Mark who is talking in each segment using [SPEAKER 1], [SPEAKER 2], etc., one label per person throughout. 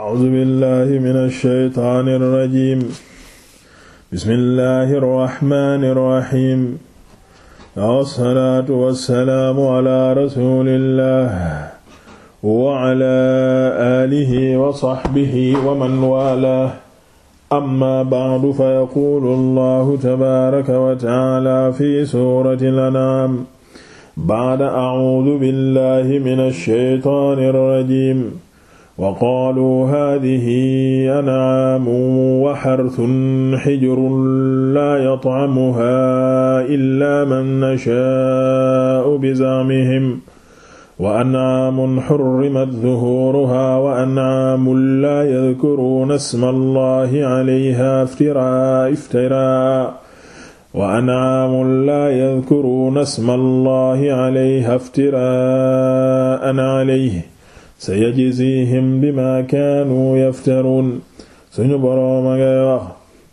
[SPEAKER 1] A'uuzu billaahi mina shaytaani rajiim. Bismillaahi rahmaani rahiim. Wassalaatu wassalaamu alaa rasuulillaah wa alaa aalihi wa sahbihi wa man waalaah. Ammaa ba'du fa yaquulu Allaahu tabaaraka wa ta'aalaa fi suuratil An'aam ba'da a'uuzu billaahi mina shaytaani rajiim. wa qaaluu haadihi an'aamun wa harthun hijrun laa yat'amuhaa illaa man nashaa'u biza'mihim wa an'aamun hurrimat zuhuuruhaa wa an'aamun laa yadhkuruuna isma Allaahi 'alayhaa iftiraa iftiraa wa an'aamun laa yadhkuruuna isma Allaahi 'alayhaa iftiraa'an 'alayhi sayajzihim bima kaanu yaftaruun suñu boroom a ngay wax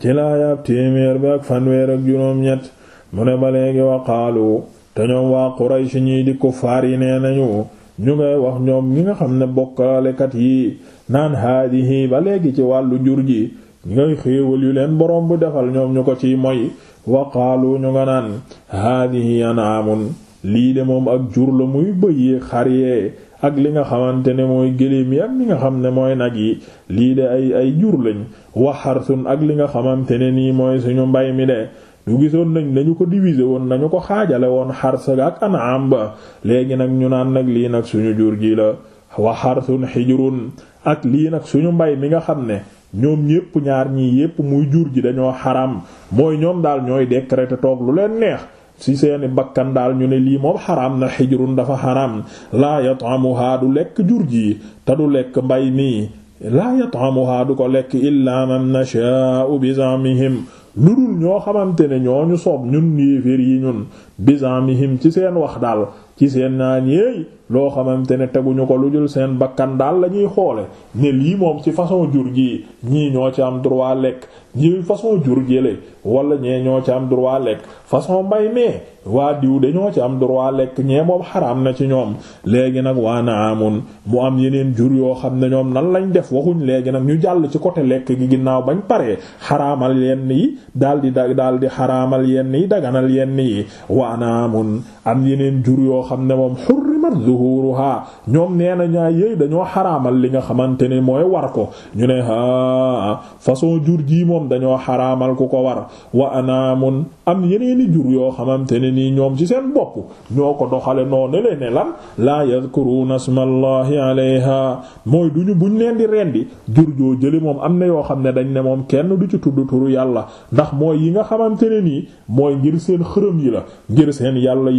[SPEAKER 1] ci laayaab téeméer bi ak fanweer ak juróom-ñett mu ne ba léegi waqaalu te ñoom waa Quraysh ñii di kuffaar yi nee nañu ñu ngay wax ñoom ñi nga xam ne bokkaalekat yi naan haadihi ba léegi ci wàllu jur ji ngay xéewal yu leen boroom bu defal ñoom ñu ko ciy moy waqaalu ñu nga naan haadihi anaamun lii de moom ak jur la muy bëyee xar yee ak li nga xamante ne mooy gëléem yi ak nga xam ne mooy nag yi lii de ay ay jur lañ waxarsun ak li nga xamante ne nii mooy suñu mbay mi de ñu gisoon nañ dañu ko diviser woon nañu ko xaajale woon xarsa ak anam ba léegi nag ñu naan nag lii nag suñu jur ji la waxarsun xijrun ak lii nag suñu mbay mi nga xam ne ñoom ñépp ñaar ñii yépp muy jur ji dañoo xaram mooy ñoom daal ñooy décréter toog lu leen neex si seeni bakkan daal ñu ne lii moom xaraam na xijrun dafa xaraam laa yat'amuha du lekk jur ji te du lekk mbay mi laa yat'amuha du ko lekk illaa na nashaa'u bi zamihim lu dul ñoo xamante ne ñoo ñu soob ñun yéeféer yi ñun bi zamihim ci seen wax daal ci seen naa yéey loo xamante ne teguñu ko lu dul seen bakkan daal la ñuy xoole ne lii moom ci façon jur gi ñii ñoo ci am droit lekk ñii façon jur jële wala ñee ñoo ci am droit lekk façon mbay mee waa diw dañoo ci am droit lekk ñee moom xaraam na ci ñoom léegi nag waa na amun mu am yeneen jur yoo xam ne ñoom nan lañ def waxuñ léegi nag ñu jàll ci côté lekk gi ginnaaw bañ paree xaraamal yenn yi daal di daal di xaraamal yenn yi daganal yenn yi waa na amun yoo xam ne moom hurrimat zuhuruha ñoom nee na ñaa yéy dañoo xaraamal li nga xamante ne mooy war ko ñu ne haa façon jur jii moom dañoo xaraamal ku ko war wa anaamun am yeneeni jur yoo xamante ne nii ñoom ci seen bopp ñoo ko doxale noo ne la ne lan laa yadhkuruna ismallahi alayha mooy duñu buñ leen di rendi jur joo jëli moom am na yoo xam ne dañ ne moom kenn du ci tudd turu yàlla ndax mooy yi nga xamante ne nii mooy ngir seen xërëm yi la ngir seen yàlla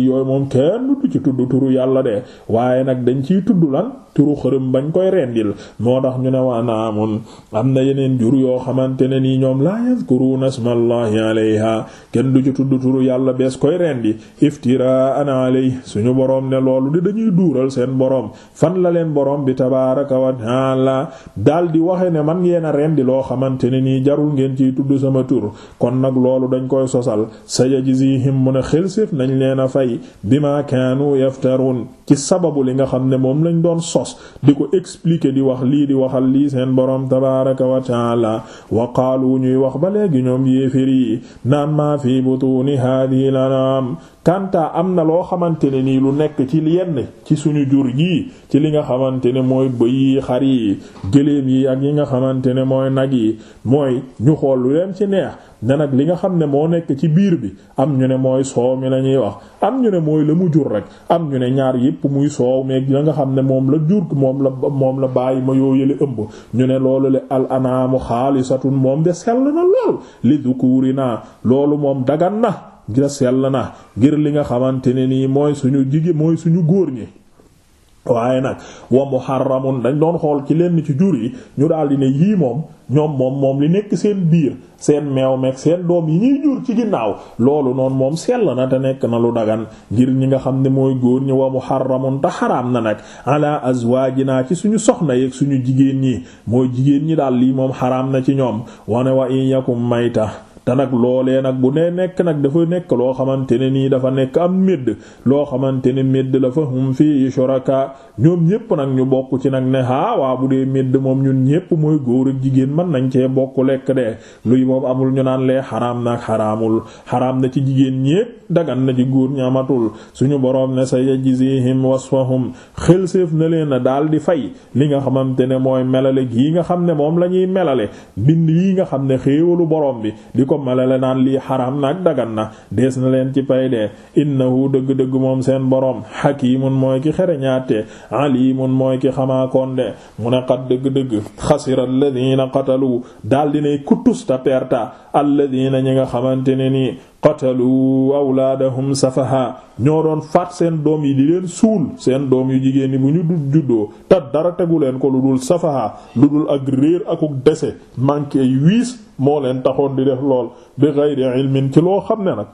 [SPEAKER 1] ci tudd turu yàlla de waaye nag dañ ciy tudd lan turu xërëm bañ koy rendil moo tax ñu ne waa naamun am na yeneen jur yoo xamante ne nii ñoom laa yazkuruna ismallahi alayha kenn du ci tudd turu yàlla bees koy rendi iftiraan alay suñu boroom ne loolu di dañuy duural seen boroom fan la leen boroom bi tabaaraka wa taala daldi waxe ne man ngeen a rendi loo xamante ne nii jarul ngeen ciy tudd sama tur kon nag loolu dañ koy sosal sayajzihim mun a xelséef nañ leen a kaanu yaftarun ci sababu li nga xam ne moom lañ doon sos di ko expliquer di wax lii di waxal lii seen boroom tabaaraka wa taala wa qaalu ñuy wax ba léegi ñoom yéeféer yi naan maa fi ni haadihil anaam kanta am na loo xamante ne nii lu nekk ci yenn ci suñu jur yi ci li nga xamante ne mooy bëy yi xar yi gëléem yi ak yi nga xamante ne mooy nag yi mooy ñu xool lu leen ci neex ne nag li nga xam ne moo nekk ci biir bi am ñu ne mooy soow mi la ñuy wax am ñu ne mooy la mu jur rek am ñu ne ñaar yépp muy soow meeg la nga xam ne moom la jur moom la moom la bàyyi ma yoo yële ëmb ñu ne loolu le al anaamu xaalisatun moom de sell na lool li dukuri naa loolu moom dagan na da sell na ngir li nga xamante ne nii mooy suñu jigéen mooy suñu góor ñi waaye nag wa muharramun dañ doon xool ci lenn ci jur yi ñu daal di yii moom ñoom moom moom li nekk seen biir seen meew meeg seen doom yi ñuy jur ci ginnaaw loolu noonu moom sell na te nekk na lu dagan ngir ñi nga xam ne mooy góor ñi wa muharramun te xaraam na nag ala azwaajina ci suñu soxna yeeg suñu jigéen ñi mooy jigéen ñi daal lii moom xaraam na ci ñoom wane wa in yakum mayta te nag loolee nag bu nee nekk nag dafa nekk loo xamante ne nii dafa nekk am médd loo xamante ne médd la fa hum fii shuraka ñoom ñépp nag ñu bokk ci nag ne haa ah, waa bu dee médd moom ñun ñépp mooy góor ak jigéen mën nañ cee bokk lekk de luy moom amul ñu naan lee xaraam nag xaraamul xaraam na ci jigéen ñépp dagan na ci góor ñi amatul suñu boroom ne sa yajzihim wasfahum xel séef na leen daal di fay li nga xamante ne mooy melale gii nga xam ne moom la ñuy melale bind yi nga xam ne xéewalu boroom bi ko malale naan lii xaraam na ak dagan na dees na leen ci pay de innahu dëgg-dëgg moom seen borom hakiimun mooy ki xereñaate aliimun mooy ki xamaakoon de mu ne xat dëgg-dëgg xasira alladina qatalu daal dinay kuttus ta perta alladina ñi nga xamante ne nii qatalu awlaadahum safaha ñoo doon faat seen doom yi di leen suul seen doom yu jigéen ñi bu ñu juddoo dara tegu leen ko lu dul safaha lu dul ak réer akuk dese manqué wiis moo leen taxoon di def lool bi ghayri ilmin ci loo xam ne nag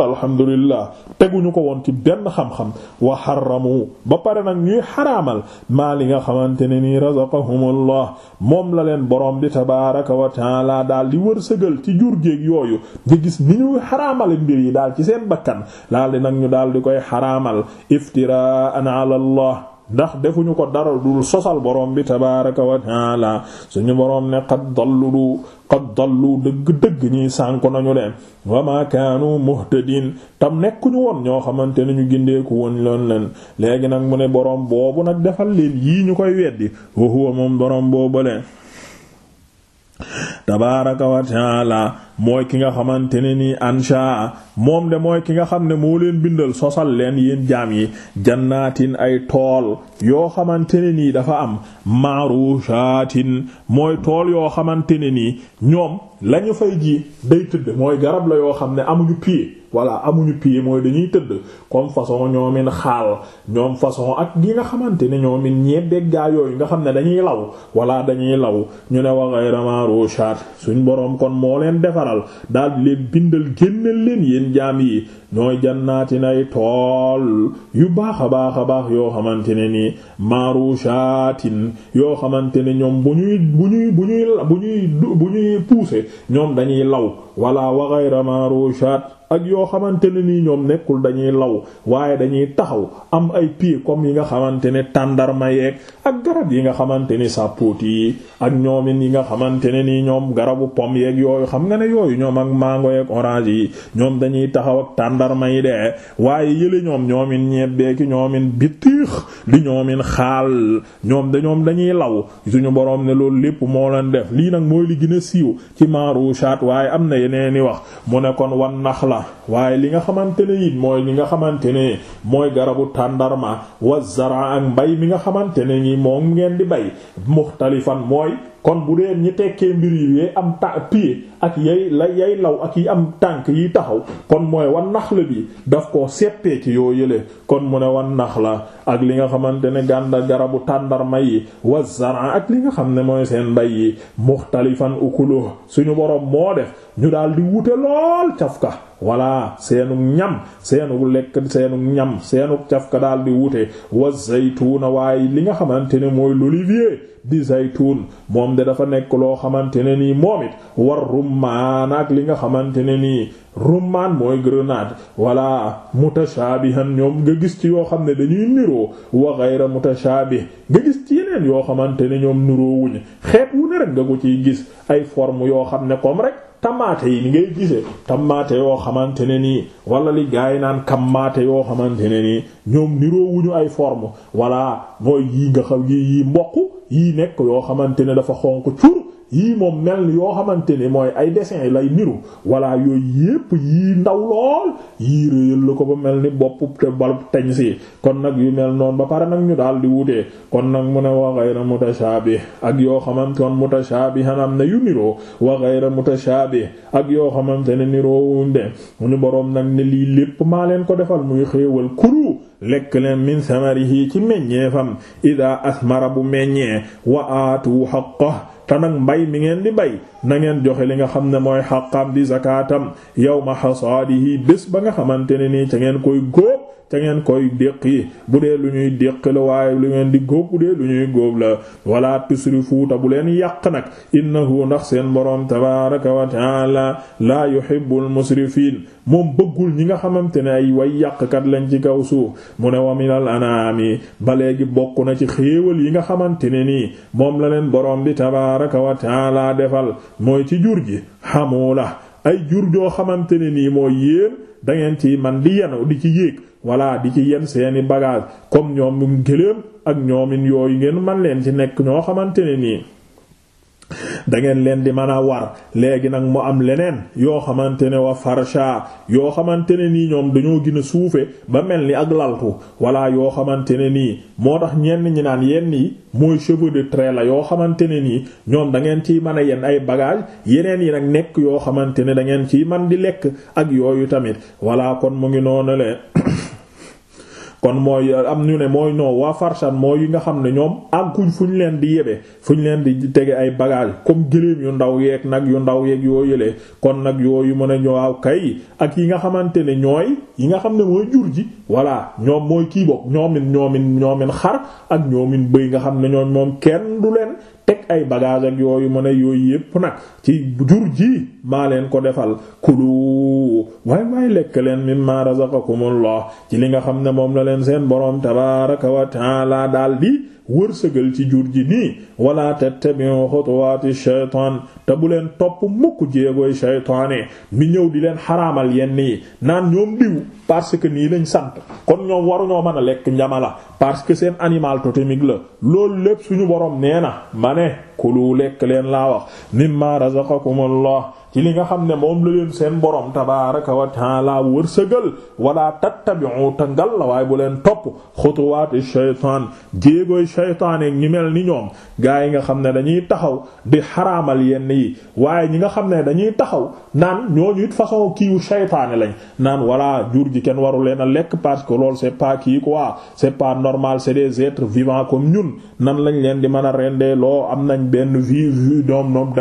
[SPEAKER 1] alhamdulillah teguñu ko woon ci benn xam-xam wa xaramu ba pare nag ñuy xaraamal maa li nga xamante ne nii razaqahumullah moom la leen borom bi tabaraka wa taala daal di wërsëgal ci jur géeg yooyu nga gis ni ñuy xaraamale mbir yi daal ci seen bakkan daal di nag ñu daal di koy xaraamal iftiraan ala allah ndax defuñu ko dara dul sosal borom bi tabaaraka wa la suñu borom ne qad dallu qad dallu dëgg-dëgg ñuy sànko nañu leen wa ma kaanu tam nekkuñu woon ñoo xamante ne ñu gindeeku woon loon leen léegi nag mu ne borom boobu nag defal leen yii ñu koy weddi wa huwa moom borom boobale tabaaraka wa taala mooy ki nga xamante ne nii ansha moom de mooy ki nga xam ne moo leen bindal sosal leen yéen jaam yi jannaatin ay tool yoo xamante ne nii dafa am maarushatin mooy tool yoo xamante ne nii ñoom lañu fay ji day tëdd mooy garab la yoo xam ne amuñu pied voilà amuñu pied mooy dañuy tëdd comme façon ñoomin xaal ñoom façon ak gi nga xamante ne ñoomin ñebeeg gaa yooyu nga xam ne dañuy law wala dañuy law ñu ne wa ghayra maarushat suñ boroom kon moo leen defar alal daal di leen bindal génneel leen yéen jaam yi ñooy jannaatin ay tool yu baax a baax a baax yoo xamante ne ni marushaatin yoo xamante ne ñoom bu ñuy bu ñuy bu ñuy bu ñuy bu ñoom dañuy law wala wa ghayra ak yoo xamante ne nii ñoom nekkul dañuy law waaye dañuy taxaw am ay pieds comme yi nga xamante ne tàndarma yeeg ak garab yi nga xamante ni sapoti yi ak ñoomin yi nga xamante ne nii ñoom garabu pom yeeg yooyu xam nga ne yooyu ñoom ak mango yeeg orange yi ñoom dañuy taxaw ak tàndarma yi de waaye yële ñoom ñoomin ñebbe ki ñoomin bitix di ñoomin xaal ñoom da ñoom dañuy law suñu boroom ne loolu lépp moo leen def lii nag mooy li gën a siiw ci maaru shaat waaye am waaye li nga xamante ne it mooy li nga xamante ne mooy garabu tàndarma wa zara ak mbay mi nga xamante ne ñi moom ngeen di bay muxtalifan mooy kon bu dee ñi tekkee mbir yi yee am ta pied ak yay la yay law ak yi am tànk yi taxaw kon mooy wan nax la bi daf ko seppee ci yoo yële kon mu ne wan nax la ak li nga xamante ne gànda garabu tàndarma yi wa zara ak li nga xam ne mooy seen mbay yi muxtalifan ukulu suñu boroom moo def ñu daal di wute lool cafka walla seenu ñam seenu lekk seenu ñam seenu cafka daal di wute wa zaytuuna waaye li nga xamante ne mooy l'olivier di zaytuun moom moom de dafa nekk loo xamante ne nii moom it war rummaan ak li nga xamante ne nii rummaan mooy grenade wala mutashabihan ñoom nga gis ci yoo xam ne dañuy niroo wa ghayra mutashabih nga gis yoo xamante ne ñoom niroo wuñ xeet wu ne rek nga ko ciy gis ay forme yoo xam ne comme rek tamaate yi ni ngay gisee tamaate yoo xamante ne nii wala li gaa yi naan kammaate yoo xamante ne nii ñoom niroo wuñu ay form wala mooy yii nga xam yi yi mboq yii nekk yoo xamante ne dafa xonq cur yii moom mel ni yoo xamante ne mooy ay dessin lay niru walla yooyu yépp yii ndaw lool yii réyal la ko ba mel ni bopp te balub teñ si kon nag yu mel noonu ba pare nag ñu daal di wutee kon nag mu ne wa ghayra mutashaabih ak yoo xamante kon mutashabihan am na yu niroo wa ghayra mutashaabih ak yoo xamante ne niroo wuñ de mu ñu boroom nag ne lii lépp maa leen ko defal muy xéewal kuru lekk leen min samarihi ci meññeefam ida asmara bu meññee wa aatu xaqa te nag mbay mi ngeen di bay na ngeen joxe li nga xam ne mooy xaqam di zakaatam yawma yii bés ba nga xamante ne nii ca ngeen koy góob te ngeen koy déq bu dee lu ñuy déq la waaye lu ngeen di góob bu dee lu ñuy góob la wala tusrifu fuuta bu leen yàq nag innahu ndax seen boroom tabaraka wa taala laa yu musrifin moom bëggul ñi nga xamante ne ay way yàqkat lañ ci kaw suuf mu ne wa minal yi ba léegi bokk na ci xéewal yi nga xamante ne nii moom la leen boroom bi tabaraka wa taala defal mooy ci jur gi xamula ay jur joo xamante ne nii mooy yéen da ngeen ci man di yenu di ci yéeg walla di ci yen seeni bagage comme ñoom gëléem ak ñoomin yooyu ngeen man leen ci nekk ñoo xamante ne nii dangeen leen di mën a war léegi nag mu am leneen yoo xamante ne wa farsha yoo xamante ne nii ñoom dañoo gën a suufe ba mel ni ak laltu walla yoo xamante ne nii moo tax ñenn ñi naan yenn yi mooy cheveux de la yoo xamante ne nii ñoom da ngeen ciy mën a yenn ay bagage yeneen yi nag nekk yoo xamante ne da ngeen ciy man di lekk ak yooyu tamit walla kon mu ngi noonu le kon mooy euh, am ñu ne mooy non waa farshan mooy yi nga xam ne ñoom am kuñ fu ñu leen di yebee fu ñu leen di tege ay bagage comme gëléem yu ndaw yeeg nag yu ndaw yeeg yoo yële kon nag yooyu mën a ñëwaaw kay ak yi nga xamante ne ñooy yi nga xam ne mooy jur ji voilà ñoom mooy kii bopp ñoomin ñoomin ñoomin xar ak ñoomin bëy nga xam ne ñoom moom kenn du leen teg ay bagage ak yooyu mu ne yooyu yépp nag ci jur ji maa leen ko defal kulu waaye waaye lekk leen mimma razaqakumullah ci li nga xam ne moom la leen seen boroom tabaaraka wa taala daldi wërsëgal ci jur ji nii wala tattabi'u xutuwaati shaytaan te bu leen topp mukk jéegooy shaytaane mi ñëw di leen xaraamal yenn yi naan ñoom diw parce que nii lañ sant kon ñoom waruñoo mën a lekk ñama parce que seen animal totémique la loolu lépp suñu borom nee na ma ne kulu lekk leen laa wax mimma razaqakumullah ci li nga xam ne moom la leen seen borom tabaaraka wa taala wërsëgal wala tattabi'u ngal la waaye bu leen topp xutuwaati shaytaan jéegooy shaytaan ñi mel ni ñoom gaa yi nga xam ne dañuy taxaw di xaraamal yenn yi waaye ñi nga xam ne dañuy taxaw naan ñoo ñooñu it façon kiiwu shaytaane lañ naan voilà jur ji kenn waru leen a lekk parce que loolu c'est pas kii quoi c'est pas normal c'est des êtres vivants comme ñun nan lañ leen di mën a rendee loo am nañ benn vie vie doom noom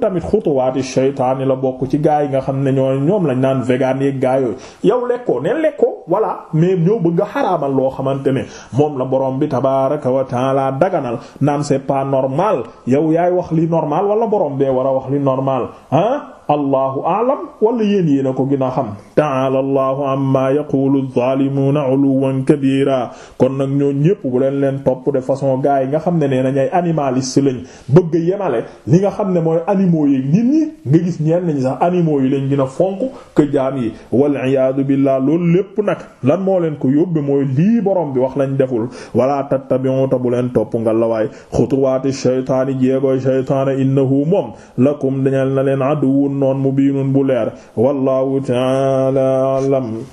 [SPEAKER 1] lépp tamit xutuwaati shaytaani la bokk ci gaa yi nga xam ne ñoo ñoom lañ naan vegan yeeg gaa yooyu yow lekkoo neen lekkoo voilà mais ñoo bëgg a xaraamal loo xamante ne moom la boroom bi tabaaraka wa taala daganal naan c'est pas normal yow yaay wax li normal wala boroom bee war a wax li normal ah. allahu aalam wala yéen yéen a ko gën a xam taala allahu amma yaqulu zaalimuuna uluwan kabira kon nag ñoo ñépp bu leen leen topp de façon gaa yi nga xam ne nee nañ ay animalistes animaux yi nit ñi nga gis ñenn ñi sax animaux yi lañ gën a fonk que yi wal iyaadu billaah loolu lépp nag lan moo leen ko yóbbe mooy lii borom bi wax lañ deful wala tattabi'u ta bu leen topp nga la waay xutuwaati shaytaani jéegooy shaytaana innahu moom lakum dañal na leen aduwwun noon mubiinun bu leer wallahu ta'ala a'lam